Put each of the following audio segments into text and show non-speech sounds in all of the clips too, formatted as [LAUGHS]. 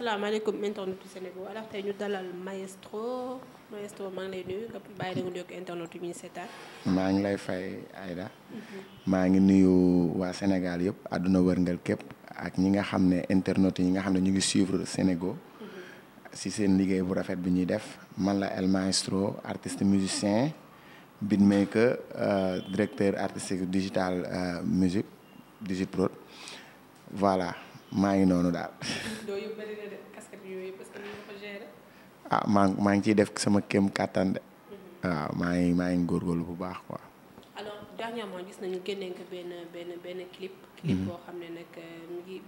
asalaamaaleykum internetu Sénégal maa ngi lay nuyu nga bàyyi la nga internet yu ñuy maa ngi lay fay Aïda. Mhm. maa ngi nuyu waa Sénégal yëpp adduna wërngal képp ak ñi nga xam ne internet yi nga xam ne ñu ngi suivre Sénégal. Mhm. si seen liggéey bu rafet bi ñuy def man la El Maestro artiste musicien beatmaker euh, directeur artistique digital euh, musique Digit Prod voilà. maa ngi noonu daal. ah maa ngi ciy def sama kéem kàttan de. waaw mhm. ah, maa ngi maa ngi góorgóorlu bu baax quoi. alors dernièrement gis nañu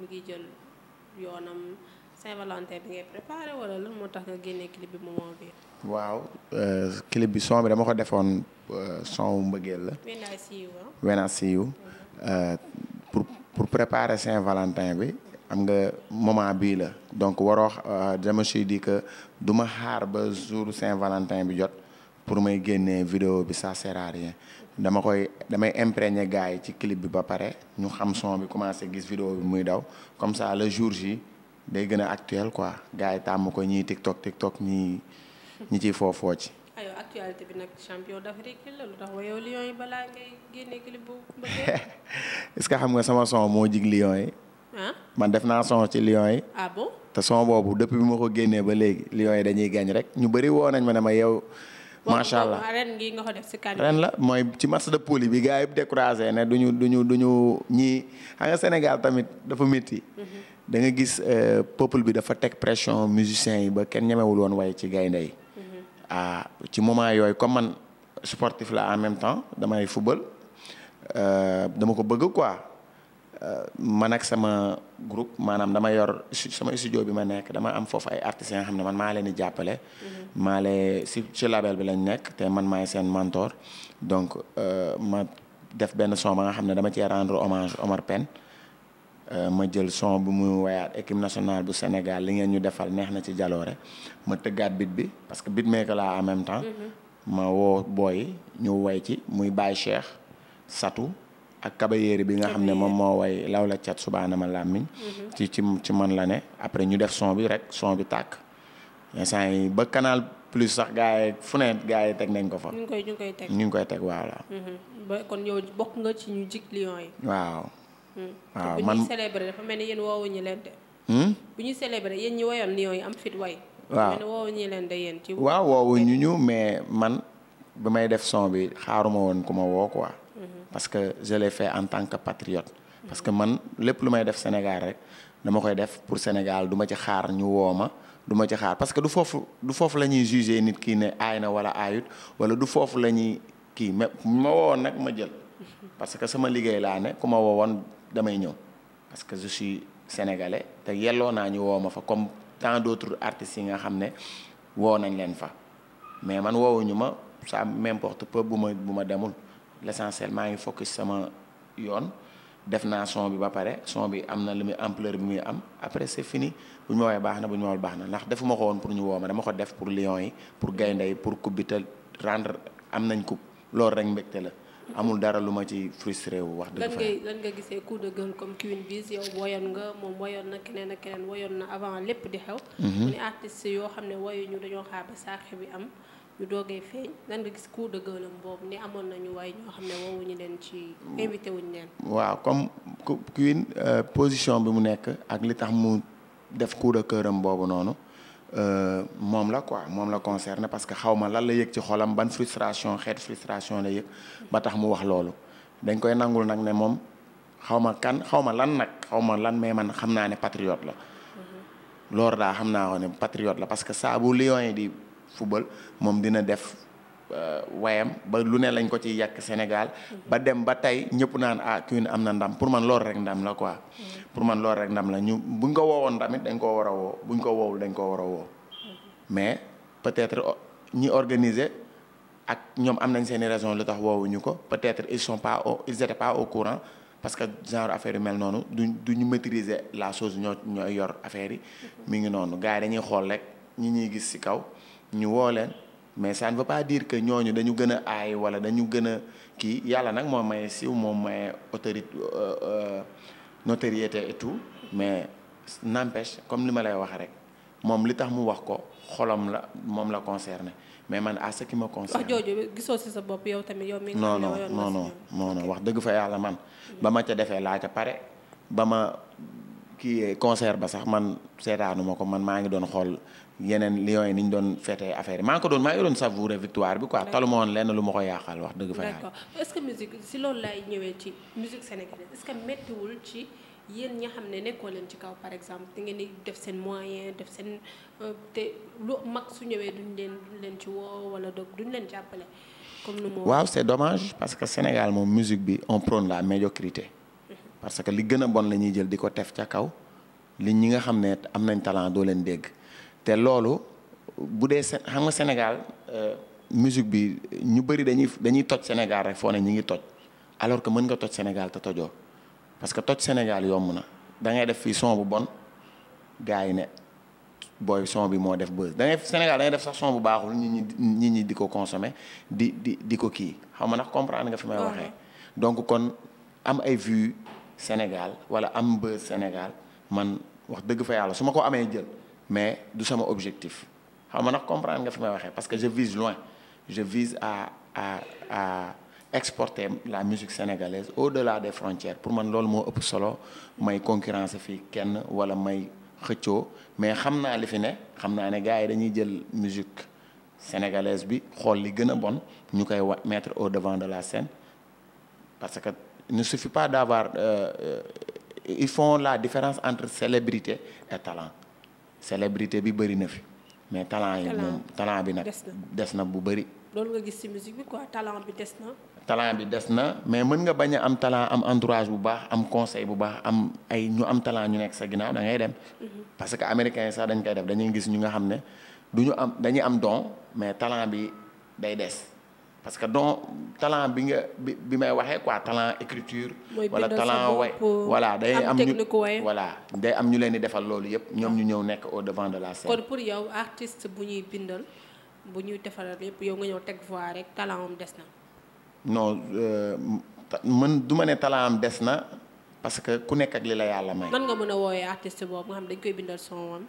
ngi jël yoonam Saint-Valentin bi ngay préparé wala lan moo tax nga génne clip bi moment bi. waaw euh, clip bi son bi dama ko defoon euh, son mbëggeel la. When I see you. When mhm. euh, pour préparer Saint-Valentin bi. xam nga moment bii la donc waroo je euh, me suis dit que du ma xaar ba jour Saint-Valentin bi jot pour may génne video bi ça sert à dama koy damay imprégner gars yi ci clip bi ba pare ñu xam son bi commencé gis vidéo bi muy daw comme ça le jour ji day gën a actuel quoi gars yi tàmm ko ñii TikTok TikTok ñii ñi ciy foofoo ci. aywa actualité bi nag [LAUGHS] que xam nga sama son moo jig Lions yi. man def naa son ci Lions yi. ah te son boobu depuis bi ma ko génnee ba léegi Lions yi dañuy gañ rek ñu bëri woo nañ ma ne ma yow. macha allah ren gi nga si kan ren la mooy ci match de poule bi gars yëpp découragé ne duñu duñu duñu ñii xam nga Sénégal tamit dafa métti. Mhm. da nga gis euh, peuple bi dafa teg pression musiciens yi ba kenn ñemewul woon way ci gaynde yi mhm. ah ci moment yooyu comme man sportif la en même temps damay football euh, dama ko bëgg quoi. Euh, man ak sama groupe maanaam dama yor sama studio bi ma nekk dama am foofu ay artistes yoo xam ne man maa leen di jàppale. Mm-hmm. maa leen si ci label bi lañ nekk te man maay seen mentor donc euh, ma def benn son ba nga xam ne dama cee rendre hommage Omar Pène euh, ma jël son bu muy wayaat équipe nationale bu Sénégal li ngeen ñu defal neex na ci jaloore ma tëggaat bit bi parce que bit maker laa en même temps. Mm-hmm. ma woo booy ñu way ci muy Baye Cheikh Satou. ak kabayeeri bi nga xam ne moom moo way law la cat subaana ma làmmiñ mm-hmm. ci ci ci man la ne après ñu def son bi rek son bi tàkk instant yi ba canal plus sax gars yi fu ne gars yi teg nañ ko fa. ñu ngi koy ñu ngi koy teg ñu ngi koy teg waaw mm-hmm. la. nga ci ñu jig lion yi. waaw. Mm. waaw ni yéen woowuñu leen de. Hmm? bu ñuy célébrer yéen ci. waaw woowuñu ñu mais man bi may def son bi xaaruma woon ku ma woo parce que je l'ai fait en tant que patriote. parce que man lépp lu may def Sénégal rek dama koy def pour Sénégal duma ci xaar ñu woo ma du ci xaar parce que du foofu du foofu la ñuy jugé nit kii ne aay na wala aayut wala du foofu la ñuy kii mais ma woowoon nag ma jël. parce que sama liggéey laa ne ku ma woowoon damay ñëw parce que je suis te yelloo naa ñu woo ma fa comme tant d'autres artistes yi nga xam ne woo nañ leen fa mais man woowuñu ma saa m'importe peu bu ma bu ma demul. l'essentiel maa ngi focus sama yoon def naa son bi ba pare son bi am na lu muy ampleur bi muy am après c'est fini bu ñu ma woowee baax na bu ñu ma woowee baax na ndax defuma ko woon pour ñu woo ma dama ko def pour lion yi pour gaynde yi pour coupe rendre am nañ coupe loolu rek mbégte la. amul dara lu ma ci frustré wu wax. dëgg fa nga gisee coup de gueule comme Queen Biz yow woyoon nga moom woyoon na keneen ak keneen woyoon na avant lépp di xew. Mhm. mu ne yoo xam ne woyuñu dañoo xaar ba bi am. ñu doogee gis coup de gueule boobu ni amoon nañu waaye ñoo xam ne woowuñu leen ci invité wuñ leen. waaw comme Queen euh, position bi mu nekk ak li tax mu def coup de gueule boobu noonu euh, moom la quoi moom la concerné parce que xaw ma lan la yëg ci xolam ban frustration xeet frustration la yëg ba tax mu wax loolu dañ koy nangul nag ne moom xaw ma kan xaw ma lan nag xaw ma lan mais man xam naa ne patriote la. Mm-hmm. loolu daa xam naa ko ne patriote la parce que saa bu Lions yi di. football moom dina def euh, wayam ba lu ne lañ ko ci yàq Sénégal ba dem ba tey ñëpp naan ah kii am na ndam pour man loolu rek ndam la quoi pour man loolu rek ndam la ñu buñ ko woowoon tamit dañ koo war a woo buñ ko woowul dañ koo war a woo mais peut-être ñi organiser ak ñoom am nañ seeni raison lu tax woowuñu ko peut-être ils sont pas au ils étaient pas au courant parce que genre affaire yu mel noonu duñ duñu maîtriser la chose ñoo ñooy yor affaire yi mi ngi noonu gars yi dañuy xool rek ñi ñuy gis ci kaw ñu woo leen mais ça ne veut pas dire que ñooñu dañu gën a aay wala dañu gën a kii yàlla nag moo maye siiw moom maye autorité euh, euh, notoriété et tout mais n'empêche comme li ma lay wax rek moom li tax mu wax ko xolam la moom la concerné mais man à ce qui me concerne. wax gisoo ci sa bopp yow tamit yow mi non non wax dëgg fa yàlla man. ba ma ca defee laa ca pare ba ma. kii eh, concert ba sax man seetaanu ma ko man maa ngi doon xool yeneen lions yi ni doon fêté affaire yi maa ngi ko doon maa ngi doon savourer victoire bi quoi taluma woon lenn lu ko yàqal wax dëgg que musique si loolu laay ñëwee ci yéen ñi xam ne nekkoo leen ci kaw par exemple di ngeen di def seen moyen def seen euh, te lu mag su ñëwee duñ leen duñ ci woo wala doog duñ leen jàppale comme nu moo. waaw c'est dommage parce que Sénégal moom musique bi on prône la médiocrité parce que li gën a bon la ñuy jël di ko tef ca kaw li ñi nga xam ne am nañ talant doo leen dégg te loolu bu dee xam nga Sénégal euh, musique bi ñu bëri dañuy dañuy toj Sénégal rek foo ne ñi ngi toj alors que mën nga toj Sénégal te tojoo parce que toj Sénégal yomb na da ngay def fii son bu bon gars yi ne booy son bi moo def buzz da ngay Sénégal da def sax son bu baaxul nit ñi nit ñi di ko consommer di di di ko kii xam nga ndax comprendre nga fi may waxee donc kon am ay vues Sénégal wala am bë Sénégal man wax dëgg fa yàlla su ma ko amee jël mais du sama objectif xam nga nag comprendre nga fi may waxee parce que je vise loin je vise à à à exporter la musique sénégalaise au-delà des frontières pour man loolu moo ëpp solo may concurrence fii kenn wala may xëccoo mais xam naa li fi ne xam naa ne gars yi dañuy jël musique sénégalaise bi xool li gën a bon ñu koy wa mettre au devant de la scène parce que il su suffit pas d'avoir euh, euh, ils font la différence entre célébrité et talent célébrité bi bëri na fi mais talent yi moom talent bi nag des na bu bëri loolu nga gis ci musique bi quoi talent bi des na talent bi des na mais mën nga bañ a am talent am entourage bu baax am conseil bu baax am ay ñu am talent ñu nekk sa ginnaaw da ngay dem mhm. parce que américains yi sax dañ koy def dañuy gis ñu nga xam ne du ñu am dañuy am don mais talent bi day des parce que donc talent bi nga bi may waxee koi talent écriture. wala talent way voilà day am ñu voilà day am ñu leen di defal loolu yëpp ñoom ñu ñëw nekk au devant de la scène. kon pour yow artist bu ñuy bindal bu ñuy defaral yëpp yow nga ñëw teg voix rek talent am des na. non euh, mën du ma ne talent am des na parce que ku nekk ak li la yàlla may. man nga mën a woowee artiste boobu nga xam dañ koy bindal son woon.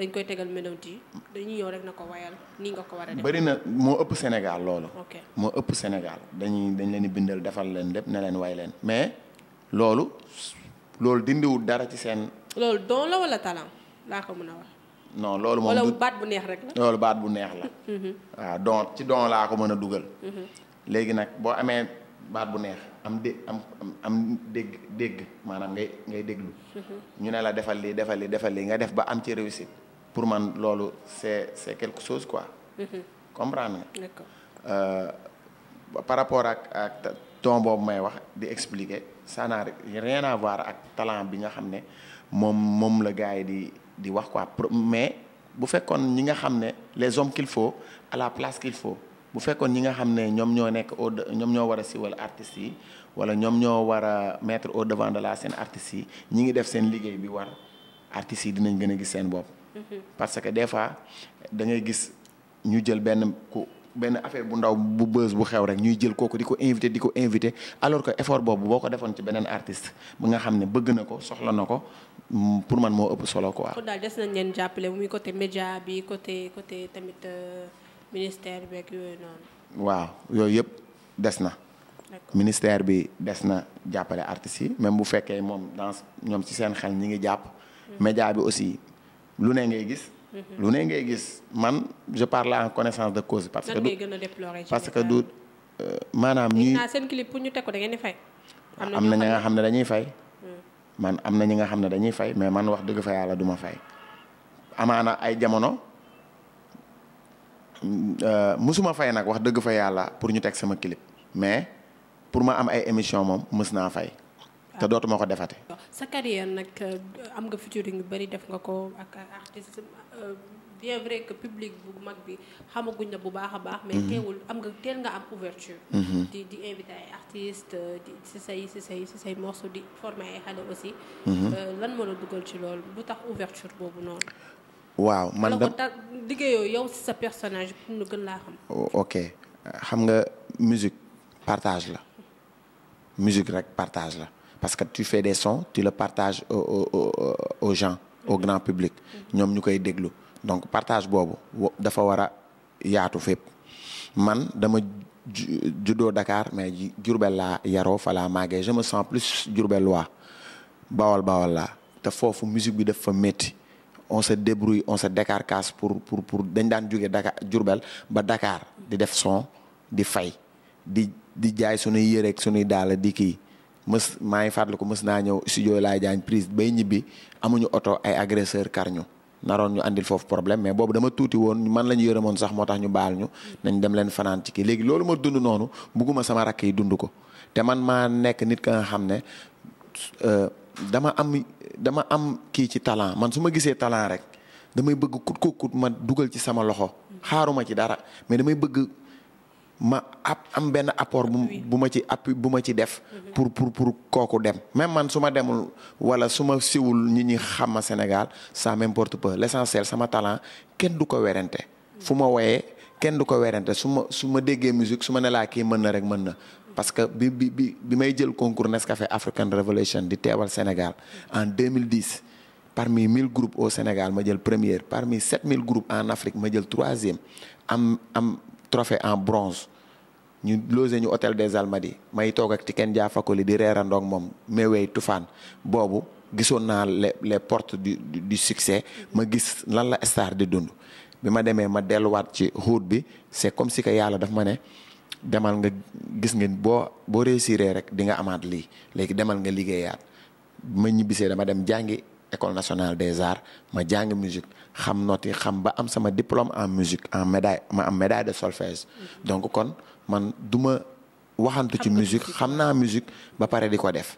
dañ koy tegal mélodie dañuy ñëw rek na ko wayal nii nga ko war a def. na moo ëpp Sénégal loolu. moo ëpp Sénégal dañuy dañ leen di bindal defal leen lépp ne leen way leen mais loolu loolu dindiwul dara ci seen. loolu wala talent laa ko mën non loolu moom wala baat bu neex rek la. baat bu neex la. waaw mhm. ah, don ci don laa ko mën a dugal. Mhm. léegi nag boo amee baat bu neex am dé dégg dégg maanaam ngay ngay déglu. Mhm. ñu ne la defal lii defal lii defal lii nga def ba am ci réussit pour man loolu c'est c'est quelque chose quoi. Mm-hmm. comprendre nga. d'accord euh, par rapport ak ton boobu may wax di expliquer ça n'a rien à ak talent bi nga xam ne moom moom la gars yi di di wax quoi mais bu fekkoon ñi nga xam ne les hommes qu'il faut à la place qu'il bu fekkoon ñi nga xam ne ñoom ñoo nekk au ñoom ñoo war a siwal artistes yi wala ñoom ñoo war a mettre au devant de la scène artistes yi ñi ngi def seen liggéey bi war artistes yi dinañ gën a gis seen bopp. parce que des fois da gis ñu jël benn ku benn affaire bu ndaw bu bës bu xew rek ñuy jël kooku di ko invité di ko invité alors que effort boobu boo ko defoon ci beneen artiste bi nga xam ne bëgg na ko soxla na ko mm, pour man moo ëpp solo ko kon daal des jàppale muy côté média bi côté côté tamit euh, ministère beeg yooyu waaw yooyu yëpp des na. ministère bi des na jàppale artistes yi même bu fekkee moom dans ñoom ci seen xel ñi ngi jàpp. Hmm. média bi aussi. lu ne ngay gis. Mhm. lu ne ngay gis man je parle en connaissance de cause. parce que du parce que du euh, maanaam. ñuy seen clip ñu teg ko da ngeen di am na ñi nga xam ne dañuy fay. Hmm. man am na ñi nga xam ne dañuy fay mais man wax dëgg fa yàlla du ma fay. amaana ay jamono euh, mësuma fay nag wax dëgg fa yàlla pour ñu teg sama clip mais pour ma am ay émission moom mës naa fay. te dootuma ko defate sa carrière nag euh, am nga featuring yu bëri def nga ko ak artiste euh, bien vrai que public bu mag bi xamaguñ la bu baax a baax. mais mhm. teewul am nga teel nga am ouverture mhm. di di invité ay artistes euh, si say si say si say morceau di former ay xale aussi. Mhm. lan moo la dugal ci loolu lu tax ouverture boobu noonu. waaw man da la liggéeyoo yow si sa personnage pour ñu gën laa xam. ok xam nga musique partage la musique rek partage la. parce que tu fais des sons tu le partages au aux, gens au grand public ñoom ñu koy déglu donc partage boobu dafa war a yaatu fépp man dama juddoo dakaar mais Diourbel laa yaroo fa laa màggee je me plus Diourbel waa bawal bawal laa te foofu musique bi def fa métti on se débrouille on se décarcasse pour pour pour dañ daan juge Dakar Diourbel ba Dakar di def son di fay di di jaay sunuy yëreeg sunuy daal di kii mës maa ngi fàttaliku mës naa ñëw studio laay jaañ prise bay ñibbi amuñu oto ay agresseur kar ñu naroon ñu àndil foofu problème mais boobu dama tuuti woon man la ñu yërëmoon sax moo tax ñu baal ñu nañ dem leen fanaan ci kii léegi loolu ma dund noonu bugguma sama rakk yi dund ko te man maa nekk nit ka nga xam ne euh, dama am dama am kii ci talant man su ma gisee talant rek damay bëgg kut ko kut ma dugal ci sama loxo xaaruma ci dara mais damay bëgg ma ab am benn apport bu bu ma ci appui bu ma ci def mhm. pour pour pour kooku dem même man su ma demul wala su ma siwul ñi ñi xam ma Sénégal ça m'importe peu l'essentiel sama talent kenn du ko werante fu ma woyee kenn du ko werante su ma su ma déggee musique su ma ne laa kii mën na rek mën na parce que bi bi bi bi may jël concours Nescafé African Revolution di teewal Sénégal en 2010 parmi 1000 groupes au Sénégal ma jël première parmi mille groupes en Afrique ma jël troisième am am trophée en bronze ñu logé ñu hôtel des Almadies may toog ak Tiken Jah Fakoly di reerandoo ak moom Mewey Tufaan boobu gisoon naa le les portes du du succès ma gis lan la star di dund bi ma demee ma delluwaat ci xuut bi c'est comme si que yàlla daf ma ne demal nga gis nga boo boo réussir rek di nga amaat lii léegi demal nga liggéeyaat ma ñibbisee dama dem jàngi école nationale des arts ma jàng musique xam noti xam ba am sama diplôme en musique en médaille ma am médaille de solfège mm. donc man du ma waxantu ci musique xam naa musique ba pare di ko def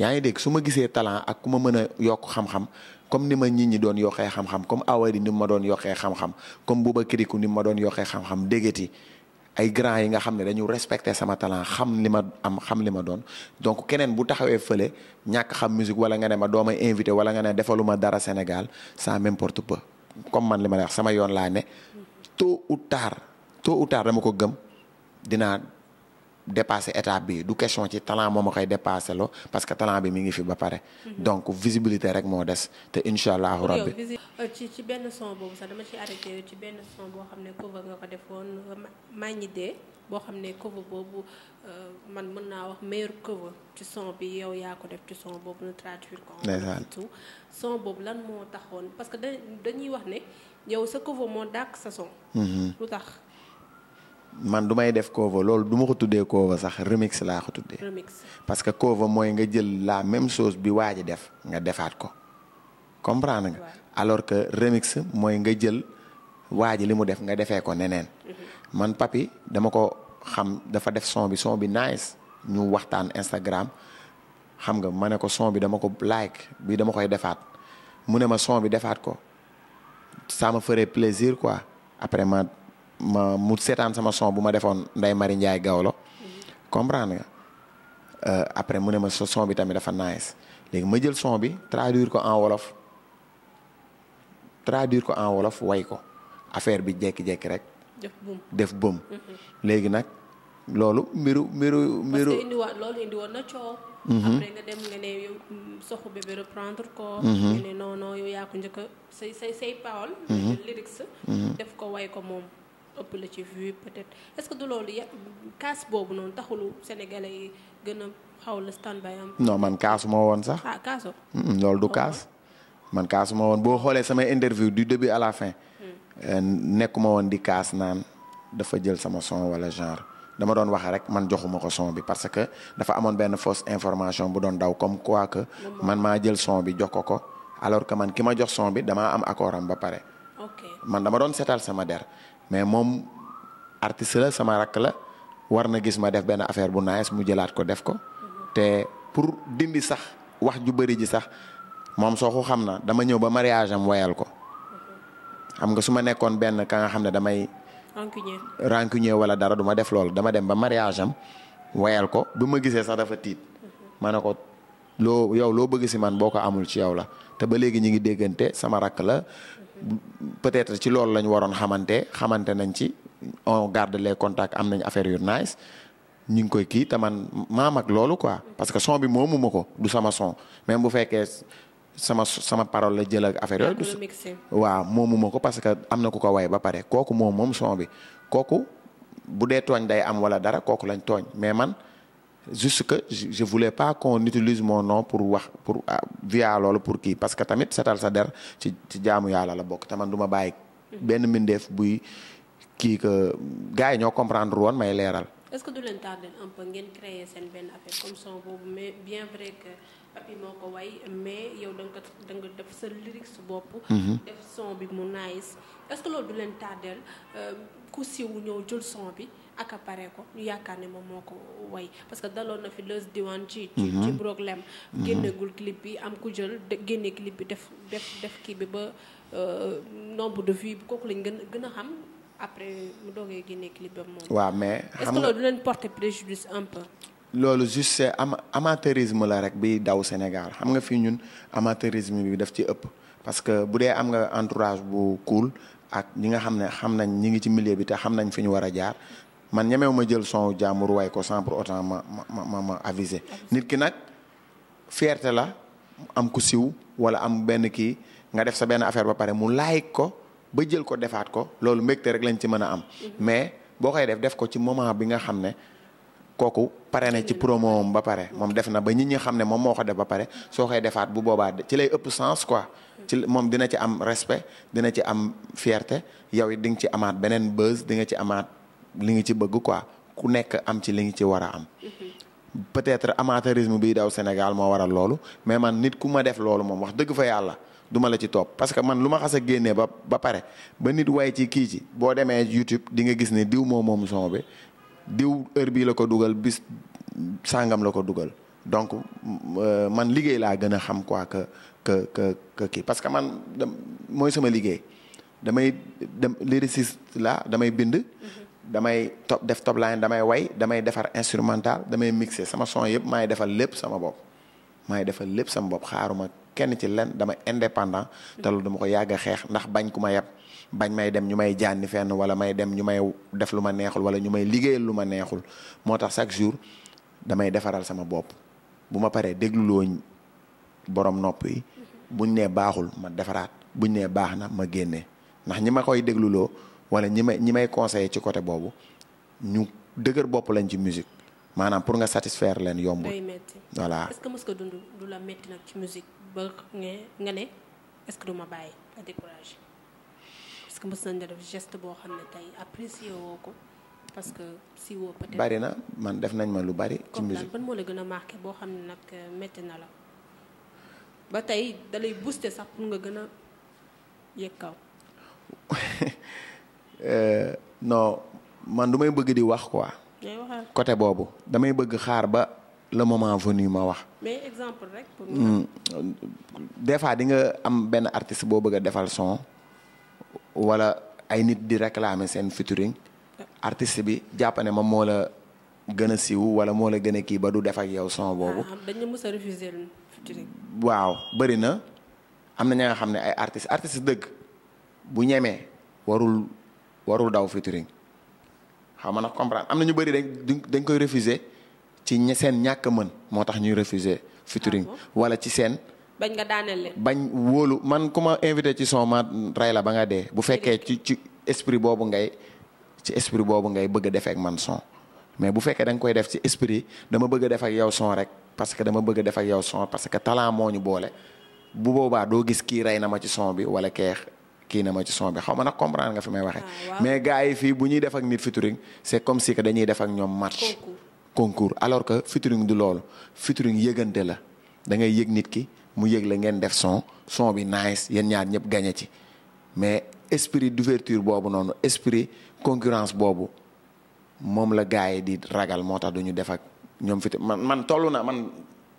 yaa ngi dégg su ma gisee talant ak ku ma mën a yokk xam-xam comme ni ma nit ñi doon yokkee xam-xam comme awari ni ma doon yokkee xam-xam comme buba kiriku ni ma doon yokkee xam-xam déggati ay grand yi nga xam ne dañu respecté sama talant xam li ma am xam li ma doon donc keneen bu taxawee fële ñàkk xam musique wala nga ne ma doo invité wala nga ne defaluma dara Sénégal ça m'importe peu comme man li ma la sama yoon laa ne tôt ou tard tôt ou tard dama ko gëm dinaa dépasser état bi du question ci talent moo ma koy dépasser lo parce que talent bi mu ngi fi ba pare. Mhm. donc visibilité rek moo des te incha allahu rabbi. Euh, ci ci benn son boobu sax dama ci arrêté ci benn son boo xam ne cover nga ko defoon euh, maa ngi dee boo xam ne cover boobu euh, man mën naa wax meilleur cover ci son bi yow yaa ko def ci son boobu nu traduire ko. tout son boobu lan moo taxoon parce que dañuy wax ne yow sa cover moo dàq sa son. Mhm. lu tax. man du may def cover loolu du ma ko tuddee cover sax remix laa ko tuddee. remix parce que cover mooy nga jël laa même sos bi waa def nga defaat ko comprendre nga. alors que remix mooy nga jël waa ji li mu def nga defee ko neneen. Mhm. man papi dama ko xam dafa def son bi son bi nice ñu waxtaan Instagram xam nga ma ne ko son bi dama ko like bi dama koy defaat mu ne ma son bi defaat ko saa ma ferait plaisir quoi après ma. ma mu seetaan sama son bu ma defoon Ndeye mari Ndiaye Gawlo comprendre nga euh, après mu ne ma sa bi tamit dafa nice léegi ma jël son bi traduire ko en wolof traduire ko en wolof way ko affaire bi jékki-jékki rek. def bëm léegi nag loolu mbiru mbiru mbiru. parce que indiwaat loolu indiwoon na coow. Mhm. après nga dem nga ne yow mm, ko. Mhm. nga ne non ko njëkk ëpp la ci vue kaas boobu noonu taxulu sénégalais yi gën xaw la standby am. non man kaasu moo woon sax. ah du kaas man kaasu moo woon boo xoolee sama interview du début à la fin. Hmm. Euh, nekkuma woon di kaas naan dafa jël sama son wala genre dama doon wax rek man joxuma ko son bi parce que dafa amoon benn fausse information bu doon daw comme quoi que man maa jël son bi jox ko ko alors que man ki ma jox son bi damaa am accord ba pare. man dama doon setal sama der mais moom artiste la sama rakk la war na gis ma def benn affaire bu nice mu jëlaat ko def ko te pour dindi sax wax ju bëri ji sax moom soo ko xam na dama ñëw ba mariage am woyal ko xam nga su ma nekkoon benn ka nga xam ne damay rancunier wala dara duma def loolu dama dem ba mariage am woyal ko bu ma gisee sax dafa tiit ma ne ko loo yow loo bëgg si man boo ko amul ci yow la te ba léegi ñu ngi déggante sama rakk la peut-être ci loolu lañ waroon xamante xamante nañ ci on garde les contacts am nañ affaire yu nice ñu ngi koy kii te man maam ak loolu quoi parce que son bi moomuma ko du sama son même bu fekkee sama sama parole la jël ak affaire yooyu. waaw moomu ma ko parce que am na ku ko way ba pare kooku moom moom son bi kooku bu dee tooñ day am wala dara kooku lañ tooñ mais man. juste que je voulais pas qu'on utilise mon pour wax pour ah, via loolu pour kii parce que tamit satal sa der ci ci jaamu yàlla la bokk te duma bàyyi benn mbindeef buy kii que yi ñoo comprendre woon may leeral. est-ce que du leen tardé un peu ngeen créer seen benn affaire comme son boobu mais bien vrai que papi moo ko way mais yow da def sa lyrics bopp. Mhm. def son bi mu nice est-ce que loolu du leen tardé euh, ku siiw ñëw jël son bi. accaparé ko ñu yaakaar ne moom moo ko way parce que daloo na fi lës diwaan ci ci mhm. problème mhm. génnegul clip bi am ku jël génne clip bi def def def kii bi ba euh, nombre de fi bi kooku lañ gën gën a xam après mu doogee génne clip bi moom waaw mais est-ce que loolu du leen porter préjudice am amateurisme la rek bi daw Sénégal xam nga fii ñun amateurisme bi def ci ëpp parce que bu dee am nga entourage bu kuul ak ñi nga xam ne xam nañ ñi ngi ci milieu bi te xam nañ fi ñu war a jaar man ñemewu ma jël son jaamur waay ko sans pour autant ma ma ma ma aviser nit ki nag fierté la am ku siw wala am benn kii nga def sa benn affaire ba pare mu like ko ba jël ko defaat ko loolu mbégte rek lañ ci mën a am. Mhm. mais boo koy def def ko ci moment bi nga xam ne kooku pare na ci promo ba pare mhm. moom def na ba nit ñi xam ne moom moo ko def ba pare soo koy defaat bu boobaa ci lay ëpp sens quoi. Mhm. ci moom dina ci am respect dina ci am fierté yow it di nga ci amaat beneen buzz di nga ci amaat. li nga ci bëgg quoi ku nekk am ci li nga ci war a am. peut-être amateurisme bii daw Sénégal moo waral loolu mais man nit ku ma def loolu moom wax dëgg fa yàlla duma la ci topp parce que man lu ma xas a génnee ba ba pare ba nit way ci kii ci boo demee YouTube di gis ne diw moo moom bi diw heure bii la ko dugal bis sàngam la ko dugal donc euh, man liggéey laa gën a xam quoi que que que que kii parce que man mooy sama liggéey damay de lyriciste laa damay bind damay top def top damay way damay defar instrumental damay mixé sama son yëpp maay defal lépp sama bopp maay defal lépp sama bopp xaaruma kenn ci len damay indépendant te dama ko yàgg a xeex ndax bañ ku ma yab bañ may dem ñu may jànni fenn wala may dem ñu may def lu ma neexul wala ñu may liggéeyal lu ma neexul moo tax chaque jour damay defaral sama bopp bu ma paree déglulooñ borom nopp yi buñ nee baaxul ma defaraat buñ nee baax na ma génnee ndax ñi ma koy dégluloo wala ñi may ñi may conseillé ci côté boobu ñu dëgër bopp lañ ci musique maanaam pour nga satisfaire leen yombul. day métti voilà est-ce que mës nga dund du la métti nag ci musique ba nga ne est-ce que du bàyyi a que mës nañ la def geste boo xam ne tey apprécié woo ko parce que si woo peut bari na man def nañ ma lu bari. ci musique ban moo la gën a marqué boo xam ne nag euh, métti na la ba tey dalay booster sax pour nga gën a yëg kaw. [LAUGHS] Euh, non man du may bëgg di wax quoi. côté boobu damay bëgg xaar ba le moment venu ma wax. mais exemple hmm. des fois di nga am benn artiste boo bëgg a defal son wala ay nit di réclamer seen featuring artiste bi jàpp ne ma moo la gën a siiw wala moo la gën a kii ba du def ak yow son boobu. Ah, ah, waaw bëri na am na ña xam ne ay artistes artistes dëgg bu ñemee warul. warul daw featuring xaw ma nag comprendre am na ñu bëri dañ dañ koy refuser ci seen ñàkk a mën moo tax ñuy refuser featuring ah wala ci seen. bañ nga daaneel bañ wóolu man ku ma invité ci son ma rey la ba nga dee bu fekkee ci ci esprit boobu ngay ci esprit boobu ngay bëgg a defee man son mais bu fekkee da koy def ci esprit dama bëgg a def ak yow son rek parce que dama bëgg a def ak yow son parce que talent moo ñu boole bu boobaa doo gis kii rey na ma ci son bi wala keex kii na ma ci son bi xaw ma nag comprendre nga fi may waxee. Ah, mais gars fii bu ñuy def nit featuring c'est comme si que dañuy def ñoom match. concours alors que featuring du loolu featuring yëgante la dangay ngay yëg nit ki mu yëg la ngeen def son son bi nice yéen ñaar ñëpp gañe ci mais esprit d'ouverture boobu noonu esprit concurrence boobu moom la gars yi di ragal moo tax du ñu def ñoom fit man man na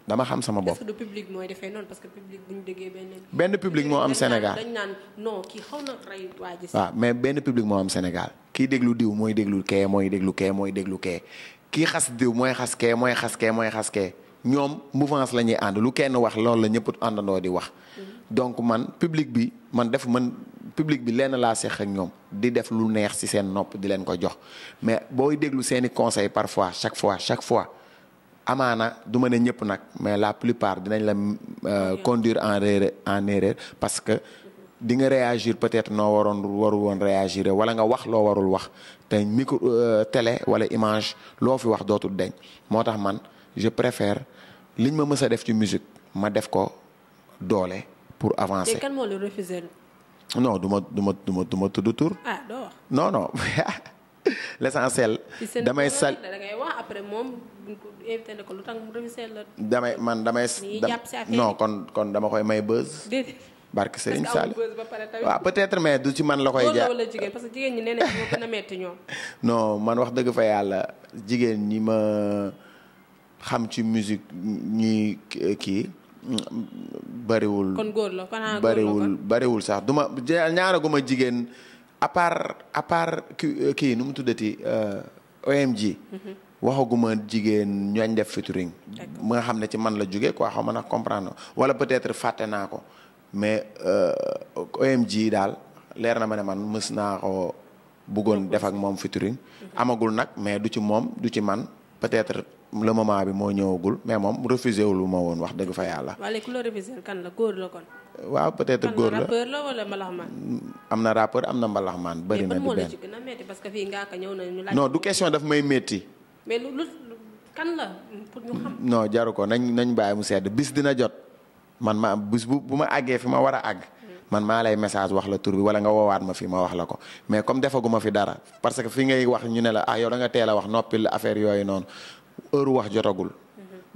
dama xam sama bopp. est mooy defee noonu parce que benn. benn public moo am Sénégal dañ naan non kii waa ji. waaw mais benn public moo am Sénégal kii déglu diw mooy déglu kee mooy déglu kee mooy déglu kii xas diw mooy xas kee mooy xas kee mooy xas kee ñoom mouvance la ñuy ànd lu kenn wax loolu la ñëpp àndandoo di wax. Mm-hmm. donc man public bi man def man public bi lenn laa seq ak ñoom di def lu neex ci seen nopp di leen ko jox mais booy déglu seeni conseil parfois chaque fois chaque fois. amaana du ma ne ñëpp nag mais la plupart dinañ la euh, conduire en erreur en erreur parce que di nga réagir peut-être noo waroon warul woon réagir wala nga wax loo warul wax te micro euh, télé wala image loo fi wax dootul deñ moo tax man je préfère liñ ma mës a def ci musique ma def ko doole pour avancer. te kan moo du ma ma ma du ma tudd tur. ah doo [LAUGHS] l' [LAUGHS] essentiel. damay sal après moom buñ ko invité ne ko lu tax mu remercié la. damay man damay. non kon kon dama koy may buzz. déedéet barke Serigne Sall. waaw peut être mais du ci man la koy. jaar wala jigéen parce que jigéen ñi nee ñoo gën [LAUGHS] man wax dëgg fa yàlla jigéen ñi ma xam ci musique ñi kii. bariwul bariwul sax du ñaaraguma jigéen. à part à part kii euh, kii nu mu tuddati euh, OMG. Mhm. waxaguma jigéen ñooñ def featuring. ma nga xam ne ci man la jóge ko xaw ma nag comprendre wala peut-être fàtte naa ko mais euh, OMG daal leer na ma ne man mës naa ko bëggoon def ak moom featuring. Mhm. amagul nag mais du ci moom du ci man peut-être le moment bi moo ñëwagul mais moom refusé wu lu ma woon wax dëgg fa yàlla. wala ku la refusé kan la góor la kon. waaw peut-être góor la wala mbalaxmaan am na rappeur am na mbalaxmaan bëri na du benn parce que fii ngaaka ñëw na ñu du question daf may métti mais la pour ñu xam non jaru ko nañ nañ bàyyi mu sedd bis dina jot man ma bis bu bu ma àggee fi ma war a àgg man maa lay message wax la tur bi wala nga woowaat ma fi ma wax la ko mais comme defaguma fi dara parce que fi ngay wax ñu ne la ah yow nga teel a wax noppil affaire yooyu noonu heure wax jotagul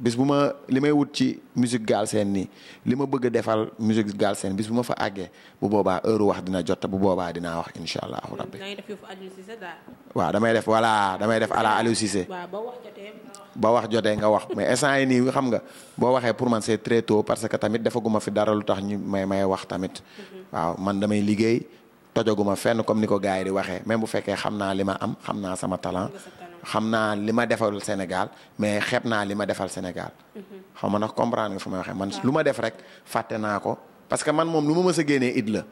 bis bu ma li may wut ci musique Galsen nii li ma bëgg a defal musique Galsen bis bu ma fa àggee bu boobaa heure wax dina jot bu boobaa dinaa wax incha allahu rabbi. waa damay def voilà damay def ala Aliou Cissé. ba wax jotee nga wax mais instant yi nii xam nga boo waxee pour man c'est très parce que tamit defaguma fi dara lu tax ñu may may wax tamit. Mhm. waaw man damay liggéey tojaguma fenn comme ni ko gars yi di waxee même bu fekkee xam naa li ma am xam naa sama talent. xam naa li ma defalul Sénégal mais xeeb naa li ma defal Sénégal. Mm-hmm. xaw ma nag comprendre nga fu may waxee man lu ma def rek fàtte naa ko parce que man moom lu ma mës a génnee it la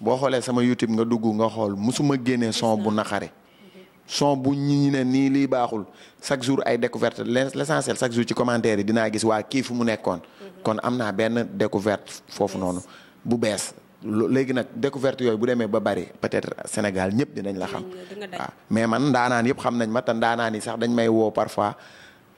boo xoolee sama YouTube nga dugg nga xool musuma génnee son bu naqari. Mm-hmm. son bu ñi ne nii lii baaxul chaque jour ay découverte l'essentiel chaque jour ci commentaire yi dinaa gis waa kii fu mu nekkoon. Mm-hmm. kon am naa benn découverte foofu noonu bu bees léegi nag découverte yooyu bu demee ba bari peut-être Sénégal ñëpp dinañ la xam mais man ndaanaan yëpp xam nañ ma ta ndaanaan yi sax dañ may woo parfois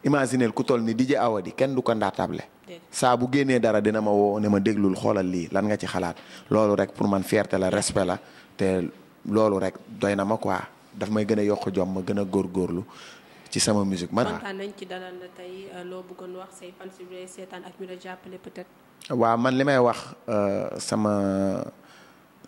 imaginer ku toll ni DJ Awadi kenn du ko ndaatable saa bu génnee dara dina ma woo ne ma déglul xoolal lii lan nga ci xalaat loolu rek pour man fierté la respect la te loolu rek doy na ma quoi daf may gën a yokk jom ma gën a góorgóorlu ci sama musique man ci dalal la tey euh, loo bëggoon waaw man li may wax euh, sama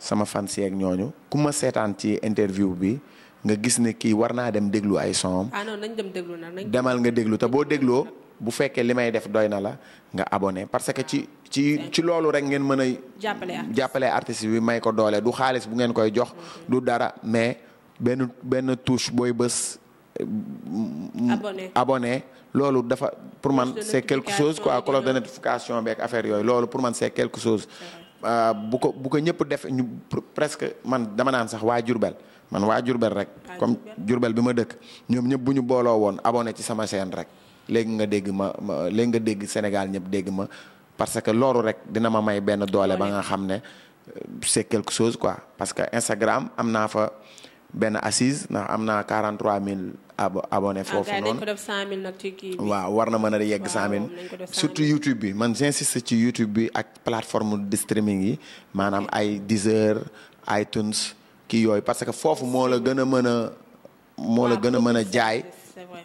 sama fans ñooñu ku ma seetaan ci interview bi nga gis ne kii war naa dem déglu ay son ah non nañ dem déglu demal nga déglu te boo dégloo bu fekkee li may def doy na la nga abonné parce que ci ci ci loolu rek ngeen mën a. jàppale artiste jàppale artiste bi may ko doole du xaalis bu ngeen koy jox. Mm-hmm. du dara mais benn benn touche booy bës. Euh, abonné abonné loolu dafa pour man c'est quelque chose quoi cloche de notification beeg affaire yooyu loolu pour man c'est quelque chose. Euh, bu ko bu ko ñëpp def ñu presque man dama naan sax waa Jurbel man waa Jurbel rek. comme Jurbel bi ma dëkk ñoom ñëpp bu ñu booloo woon abonné ci sama chaîne rek léegi nga dégg ma ma léegi nga dégg Sénégal ñëpp dégg ma parce que loolu rek dina ma may benn doole ba nga xam ne euh, c'est quelque chose quoi parce que Instagram am naa fa. benn assise ndax am naa 43000 abo abonné foofu ah, noonu waaw war na mën a yegg 100000 surtout YouTube bi man j'insiste ci YouTube bi ak plateforme de streaming yi maanaam ay Deezer iTunes kii yooyu parce que foofu moo la gën a mën a moo la ah, gën a mën a jaay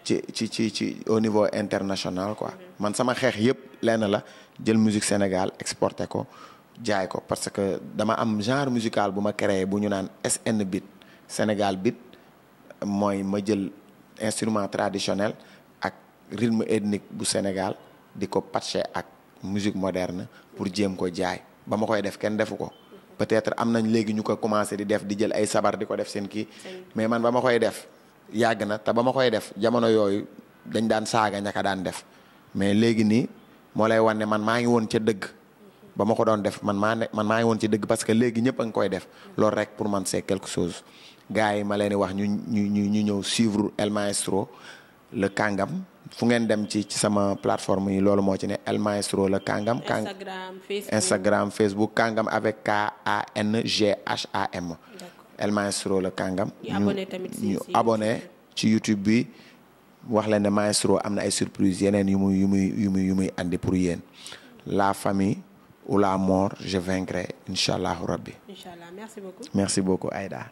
ci ci ci ci au niveau international quoi mm-hmm. man sama xeex yëpp lenn la jël musique Sénégal exporté ko jaay ko parce que dama am genre musical bu ma créé bu ñu naan SN Sénégal bit mooy ma jël instrument traditionnel ak rythme ethnique bu Sénégal di ko patché ak musique moderne pour jéem ko jaay ba ma koy def kenn defu ko peut-être am nañ léegi ñu ko commencé di def di jël ay sabar di ko def seen kii mais man ba ma koy def yàgg na te ba ma koy def jamono yooyu dañ daan saaga ñaka daan def mais léegi nii moo lay wan man maa ngi woon ca dëgg ba ma ko doon def man maa ne man maa ngi woon ci dëgg parce que léegi ñëpp a koy def loolu rek pour man c'est quelque chose gars yi ma leen di wax ñu ñu ñu ñu ñëw suivre El Maestro le Kangam fu ngeen dem ci ci sama plateforme yi loolu moo ci ne El Maestro le Kangam. Kang Instagram Facebook Instagram Facebook avec K A G H A M. El Maestro le Kangam. ñu abonné tamit ñu abonné ci YouTube bi. wax leen ne maestro am na ay surprise yeneen yu muy yu muy yu muy yu muy andi pour yéen la famille ou la mort je vaincrai incha allahu rabbi. incha allah merci beaucoup. merci beaucoup Aïda.